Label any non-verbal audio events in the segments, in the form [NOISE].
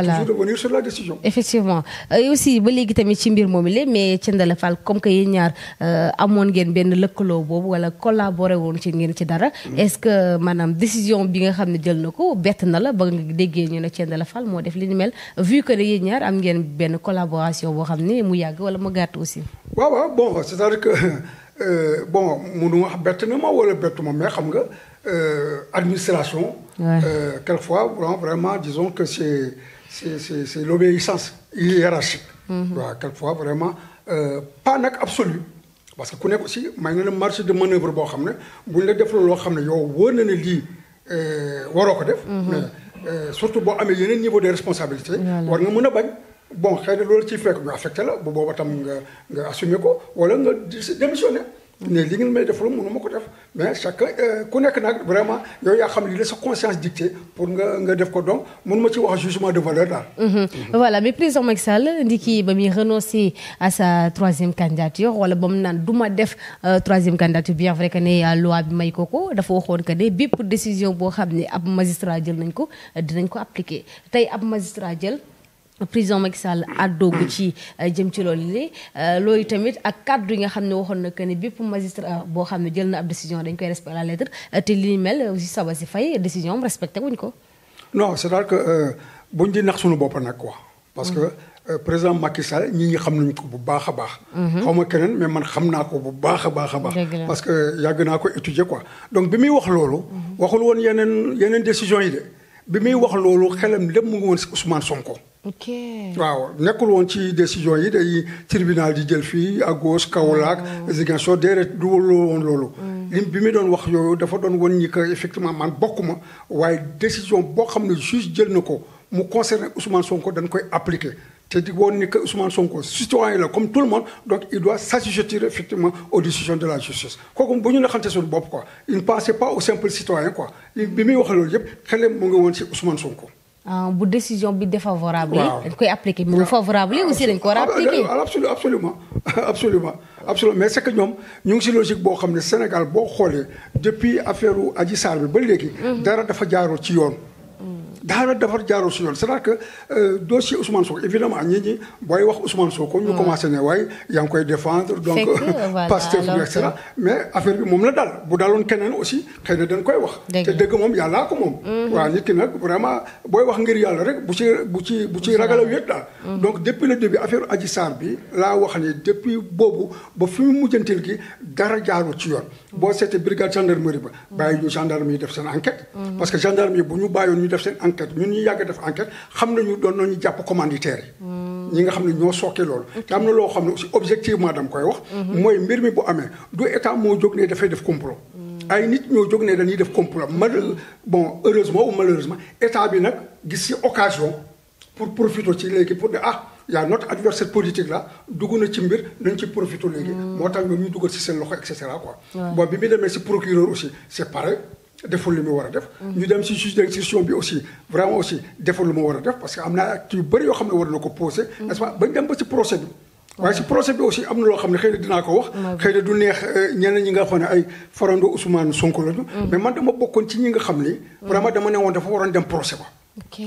voilà toujours revenir sur effectivement euh, aussi ba léegi tamit ci mbir moomu la mais Thiendella Fall comme que yéen ñaar euh, amoon ngeen benn lëkkaloo boobu wala collaboré woon ci ngeen ci dara. Mm-hmm. est-ce que maanaam décision bi nga xam ne jël na ko bett na la ba nga déggee ñu ne Thiendella Fall moo def li ni mel vu que ne yéen ñaar am ngeen benn collaboration boo xam ne mu yàgg wala mu gàtt aussi. waaw waaw bon c'est-à-dire que euh, bon munu wax bett na ma wala bettu ma mais xam nga euh, administration. Euh, c'est l'obéissance hiérarchique waaw mhm. fois vraiment euh, pas nag absolu parce que ku nekk aussi may na la marge de manœuvre boo xam ne buñ la def loo xam ne yow wóor na ne lii euh, waroo ko def mhm. mais euh, surtout boo amee yeneen niveau de responsabilité war nga mun a bañ bon xëy na loolu ci fekk ñu affecté la bu booba tam nga nga assumé ko wala nga démissionné ne mhm. li ngeen may def la mënu ma ko def mais chacun euh, ku nekk nag vraiment yow yaa xam li la sa conscience dictée pour nga nga def ko donc mun ma ci wax jugement de valeur daal. Mhm. Mhm. voilà mais président Macky ndiki ba muy renoncer à sa troisième candidature wala ba mu naan du ma def euh, troisième candidature bien vrai que ne euh, loi bi may ko ko dafa waxoon que ne bépp décision boo xam ne ab magistra jël nañ ko dinañ ko appliquer tey ab magistra jël. président Macky Sall àddoogu ci euh, jëm ci loolu li euh, looy tamit ak kàddu yi nga xam ne waxoon na que ne bépp magistrat boo xam ne jël na ab décision dañ koy respecté la lettre euh, te li mel aussi saba si fay décision am respecté wuñ ko. non c'est-à-dire nax suñu bopp nag quoi. parce que président Macky Sall ñi ñi xam nañ ko bu baax a baax. Mhm. xaw keneen man xam naa ko bu baax a baax a baax. parce que yàgg naa ko étudier quoi donc bi muy wax loolu. Mhm. waxul woon yeneen yeneen décision yi de bi muy wax loolu xelam lépp mu ngi woon si Ousmane Sonko. ok waaw nekkul woon ci décision yi day tribunal di jël fii à gauche Kaolack. Mm. Ziguinchor déedéet du woon loolu. Mm. lim bi mu doon wax yooyu dafa doon woon ñi que effectivement man bokkuma waaye décision boo xam ne juge jël na ko mu concerné Ousmane Sonko dañ koy appliqué. te di woon ni que Ousmane Sonko citoyen la comme tout le monde donc il doit s'assujettir effectivement aux décisions de la justice kooku bu ñu la xamante bopp quoi il ne pensait pas au loolu yëpp xelam mu woon ci Ousmane Sonko. Euh, bu décision bi défavorable. waaw dañ koy appliquer bu favorable aussi dañ ko war a ah, appliquer. Euh, absolu absolument [LAUGHS] absolument absolument mais c'est que ñoom ñu ngi si logique boo xam ne Sénégal boo xoolee depuis affaire Adji Sarr bi ba léegi. Mhm. dara dafa jaaroo ci yoon. daal defar jaarul si yoon cest à que euh, dossier Ousmane Sonko évidemment ñi ñi booy wax Ousmane Sonko. ñu mm. commencé ne waaye yaa ngi koy défendre. donc [LAUGHS] [LAUGHS] Pastef et cetera mais affaire bi moom la daal bu daaloon keneen aussi xëy na dañ koy wax. te dëgg moom yàllaa ko moom. Mm-hmm. waaw nit ki nag booy wax ngir yàlla rek bu ci bu ci bu ci ragal a wéet daal. Mm-hmm. donc depuis le début affaire Adji Sarr bi laa wax ni depuis boobu ba fi mu mujjantil gi dara jaarul ci yoon. Mm-hmm. boo seetee brigade gendarmerie ba bàyyi ñu gendarme yi def ñu def enquête ñun ñu yàgg def enquête xam nañu doon nañu jàpp commanditaire yi. ñi nga xam ne ñoo sookee loolu. te am na loo xam ne aussi objectivement dama koy wax. Mhm. mooy mbir mi bu amee du état moo jóg ne dafay def complot. Mm. ay nit ñoo jóg ne dañuy def complot ci léegi pour ne ah. yaa notre adversaire la dugg na ci mbir nañ ci profité léegi. Mm. moo tax ñu dugal ci seen loxo et cetera quoi. bon bi mu demee ci procureur aussi c'est pareil. deful li mu war a def. ñu dem si juge d'instruction bi aussi vraiment aussi deful lu mu war a def parce que am na acte yu bëri yoo xam ne war na ko posé. n'est-ce pas bañ dem ba procès bi. waaye si procès bi aussi am na loo xam ne xëy na dinaa ko wax. xëy na du neex euh, ñeneen ñi nga xam ne ay farando Ousmane Sonko lañu. Mm. mais man dama bokkoon ci ñi nga xam ni. Mm. vraiment dama ne woon dafa waroon dem procès ba.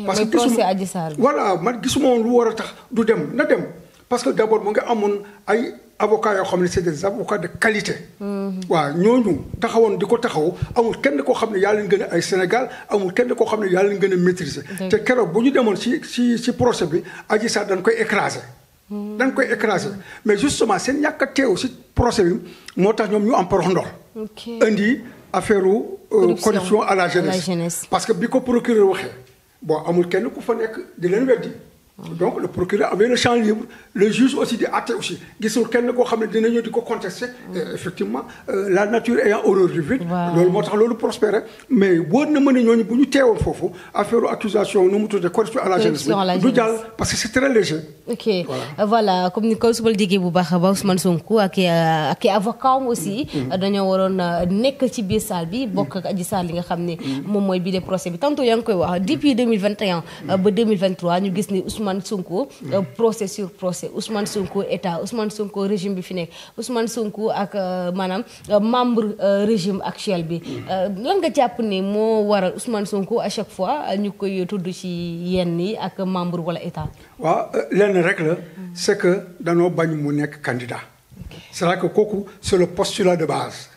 parce que gisuma voilà man gisuma woon lu war a tax du dem na dem. parce que d' abord mu ngi amoon ay avocats yoo xam ne c' est des avocats de qualité. Mm-hmm. waaw ñooñu taxawoon di ko taxaw amul kenn koo xam ne yaa leen gën a ay Sénégal amul kenn koo xam ne yaa leen gën a maîtriser. te keroog bu ñu demoon ci ci ci procès bi Adji Sarr dañ koy écraser. Mm-hmm. dañ koy écraser mais justement seen ñàkk a teew si procès bi moo tax ñoom ñu am porox ndox. indi affaire euh, corruption à la jeunesse. parce que bi ko procureur waxee bon amul kenn ku fa nekk di leen weddi. donc le procureur avait le champ libre le juge aussi di àtte aussi gisul kenn koo xam ne dina ñëw di ko contester. Mm. Euh, effectivement euh, la nature ayant horreur du vide. loolu moo tax loolu prospérer mais wóor na ma ne ñooñu bu ñu teewoon foofu affaire accusation nu mu tuddee corruption à la jeunesse parce que c' très léger. ok voilà comme ni ko su ma bu baax a baax Ousmane euh, ak avocat mm. Mm. bi bokk moom mooy bii de procès bi tantôt yaa koy wax depuis 2021. ba 2023 Ousmane Sonko. Euh, procès sur procès Ousmane Sonko état Ousmane Sonko régime bi fi nekk Ousmane Sonko ak euh, maanaam euh, membre régime actuel bi lan nga jàpp ne moo waral Ousmane Sonko à chaque fois ñu koy tudd ci yenn yi ak membre wala état. waaw lenn rek c'est que danoo bañ mu nekk candidat. c'est vrai que kooku c'est le postulat de base.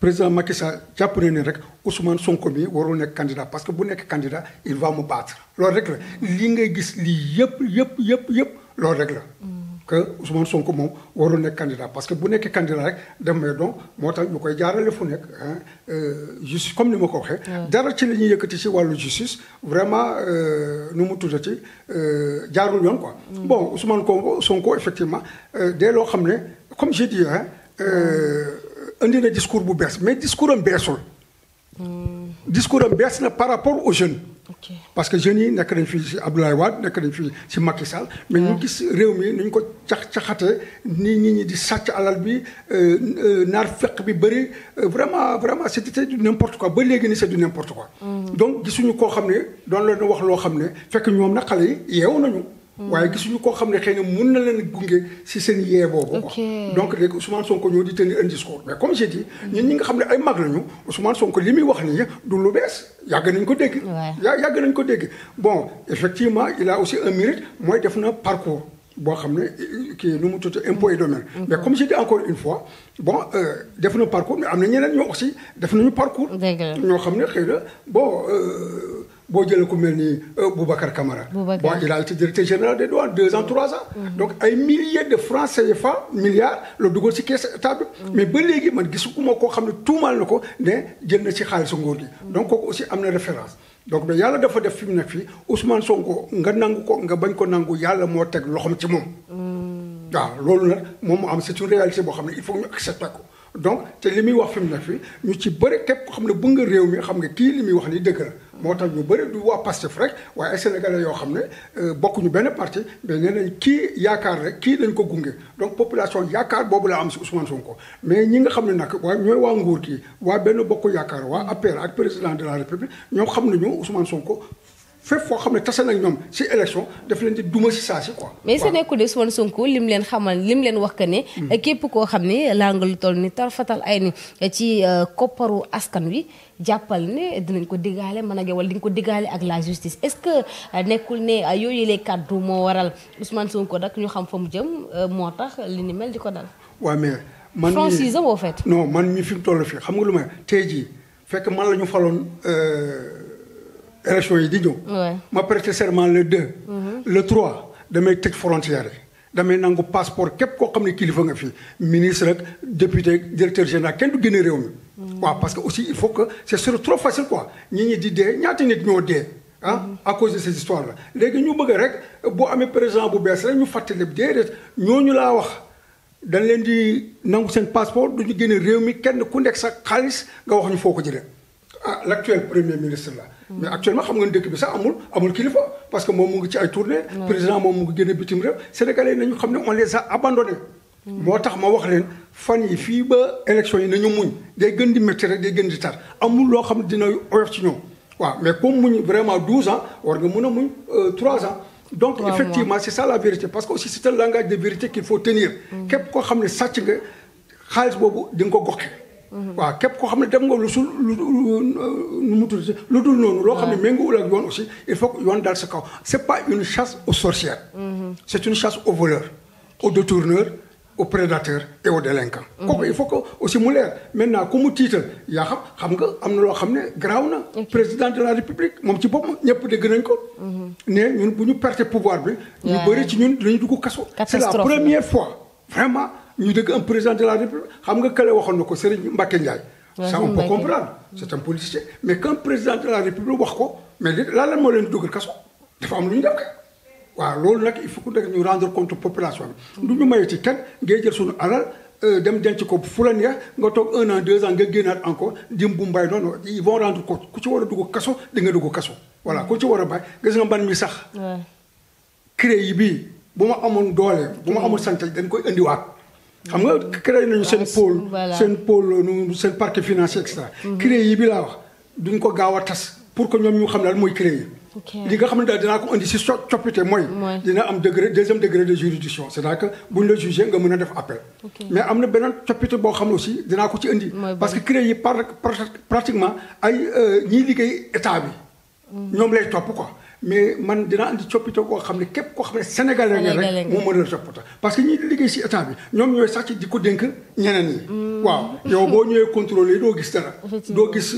président Macky Sall jàpp na ne rek Ousmane Sonko bi warul nekk candidat parce que bu nekk candidat il va me battre loolu rek li ngay gis lii yëpp yëpp yëpp yëpp loolu rek la. Mm. que Ousmane Sonko moom warul nekk candidat parce que bu nekkee candidat rek dem may donc moo tax ñu koy jaarale fu nekk euh, justice comme ni ma ko waxee. dara ci li ñuy yëkkati ci wàllu justice vraiment euh, nu mu tuddati euh, jaarul yoon quoi. Mm. bon Ousmane Sonko effectivement dès loo xam ne comme j'ai dit indi na discours bu bees mais discours am beesul. Hmm. discours am bees na par rapport au jeunes. parce que jeunes yi nekk nañ fi si Abdoulaye Wade nekk nañ fi si Macky Sall. mais ñu gis réew mi nu ñu ko cax caxatee nii nit ñi di sàcc alal bi euh, euh, naar fekk bi bëri euh, vraiment vraiment c' était du n' importe quoi ba léegi nii c' est du n' importe quoi. Hmm. donc gisuñu koo xam ne doon leen wax loo xam ne fekk ñoom na xale yi yeewu nañu. Mm. waaye gisuñu koo xam ne xëy na mun na leen gunge si seen yee boobu quoi donc léegi Ousmane Sonko ñoo di tenir un discours mais comme j'ai dit ñun xam ne ay mag lañu Ousmane Sonko li muy ko dégg yàgg nañ ko bon effectivement il a aussi un mérite mooy def na parcours boo xam ne kii nu mu tudd impôt et domaine mais comme j'ai dit encore une fois bon euh, def na parcours mais am na ñeneen ñoo aussi def nañu parcours ñoo xam ne xëy na bon euh, boo jëlee ko mel ni euh, Boubacar kamara Boubacar bon il a été directeur général des mm. ay milliers de francs CFA dugal ci caisse état bi. Mm. ba léegi man gisuma koo xam ne tuumaal na ko ne jël na xaalisu nguur gi. Mm. donc kooku am na référence. donc mais yàlla dafa def fi mu nekk fii Ousmane Sonko nga nangu ko nga bañ ko nangu yàlla moo teg loxoom ci moom. waaw loolu nag moom moo am c'est une réalité boo xam ne il faut ñu accepter ko. donc te li muy wax fi mu nekk fii ñu ci bëri képp ko xam ne bëgg nga réew mi xam nga kii li muy wax nii dëgg la. moo tax ñu bëri du waa Pastef rek waaye ay sénégalais yoo xam ne euh, bokkuñu benn parti mais nee nañ kii yaakaar rek kii lañ ko gunge donc population yaakaar boobu laa am si Ousmane Sonko mais ñi nga xam ne nag waa ñooy waa nguur kii waa benn bokk yaakaar waa APR ak président de la république ñoom xam nañu Ousmane Sonko. fépp foo xam ne tase nañ ñoom si élection daf leen di duma si saa si quoi. mais sa nekkul Ousmane Sonko lim leen xamal lim leen wax que ne. Mm. képp koo xam ne làng lu toll ni tarfatal ay ni ci euh, kopparu askan wi jàppal ne dinañ ko diggaale mën a wala di nga ko diggaale ak la justice est-ce que euh, nekkul ne euh, yooyu les kàddu moo waral Ousmane Sonko nag ñu xam fa mu jëm moo tax li ni mel di ko dal. waaw mais man mii non man mi fi mu toll fii xam nga lu may tey jii élection yi di ñëw. ma prêter serment le de mm-hmm. le trois damay tëj frontière yi. damay nangu passeport képp koo xam ne kilifa nga fi ministre rek député directeur général kenn du génne réew mi. Mm-hmm. waaw parce que aussi il faut que c' est sur trop facile quoi ñi ñi di dee ñaata nit ñoo dee. ah mm-hmm. à cause de ces histoires là léegi ñu bëggee rek boo amee présent bu bees rek ñu fàttali ñoo ñu laa wax. dañ leen di nangu seen passeport du ñu génne réew mi kenn ku nekk sa xaalis nga wax ñu foo ko jëlee. ah l' actuel premier ministre la. Mm. mais actuellement xam nga ne dëkk bi sax amul amul kilifa parce que moom mu ngi ci ay tournée. président moom mu ngi génne bitim réew. sénégalais nañu xam ne on les a abandonnés. Mm. moo tax ma wax leen fan yi fii ba élection yi nañu muñ day gën di métti rek day gën di tar amul loo xam dina oyof ci ñoom waaw mais comme muñ vraiment 12 ans war nga mën a muñ 3 euh, ans. donc effectivement c' est ça la vérité parce que aussi c' est un langage de vérité qu'il faut mm. képp koo xam ne sàcc nga xaalis boobu di nga ko waaw képp koo xam ne dem nga lu sul lu nu lu dul noonu. loo xam ne méngoowul ak yoon aussi il faut que yoon dal sa kaw. c' est pas une chasse aux sorcières. Mhm. c' est une chasse aux voleurs aux détourneurs. au prédateur et au délinquant. Mhm. kooku il faut que aussi mu leer maintenant ku mu tiital yaa xam xam nga am na loo xam ne garaaw na. président de la république moom ci boppam ñëpp dégg nañ ko. Mhm. ne ñun bu ñu perte pouvoir bi. ñu bëri ci ñun dañu duggu kaso. c'est la première fois vraiment. ñu dëgg am président de la république xam nga kële waxoon na ko Serigne Mbacke Ndiaye. ça on peut comprendre c'est un politicien mais qu'un président de la république wax ko mais li lan la moo leen dugal kaso dafa am waaw loolu nag il faut que ñu rendre compte population bi. du ñu maye ci kenn euh, dem denc ko fu la neex nga toog un an deux ans nga génnaat encore jëm bu mbay noonu ils vont rendre compte ku ci war a dugg kaso di nga dugg kaso. voilà ku ci war a bàyyi gis nga mban mi sax. créé bi bii bu ma amoon doole bu ma amoon santé dañ koy indiwaat. xam nga créé nañu seen ah, pôle seen pôle seen parquet financier et cetera. Mhm. yi bi laa wax duñ ko gaaw a tas pour que ñoom ñu xam daal mooy créé yi. li nga xam ne daal dinaa ko indi si so coppite mooy. dina am degré deuxième degré de juridiction c' est à dire que buñ la jugé nga mën a def appel. mais am na beneen coppite boo xam ne aussi dinaa ko ci indi. parce que créé yi par pratiquement ay euh, ñii liggéey état bi. Mhm. ñoom lay topp ko mais man dinaa andi coppite koo xam ne képp koo xam ne sénégalais nga rek moo mën la coppite parce que ñi di liggéey si état bi ñoom ñooy sax ci di ko dénk ñeneen ñi mm. waaw yow boo ñëwee contrôler doo gis dara doo gis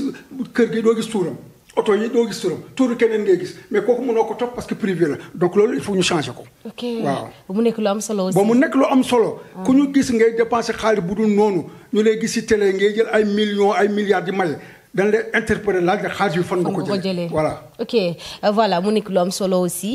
kër gi doo gis tuuram oto yi doo gis turam tuuru keneen ngay gis mais kooku mënoo ko topp parce que privé la donc loolu il faut ñu changer ko. ok waaw ba mu nekk lu am solo aussi. ba mu nekk lu am solo. Ah. ku ñu gis ngay dépenser xaalis bu dul noonu ñu lay gis si télé ngay jël ay millions ay milliards di dañ lay interpeller laaj la xaalis yu fan nga ko jëlee voilà ok euh, voilà mu nekk lu am solo aussi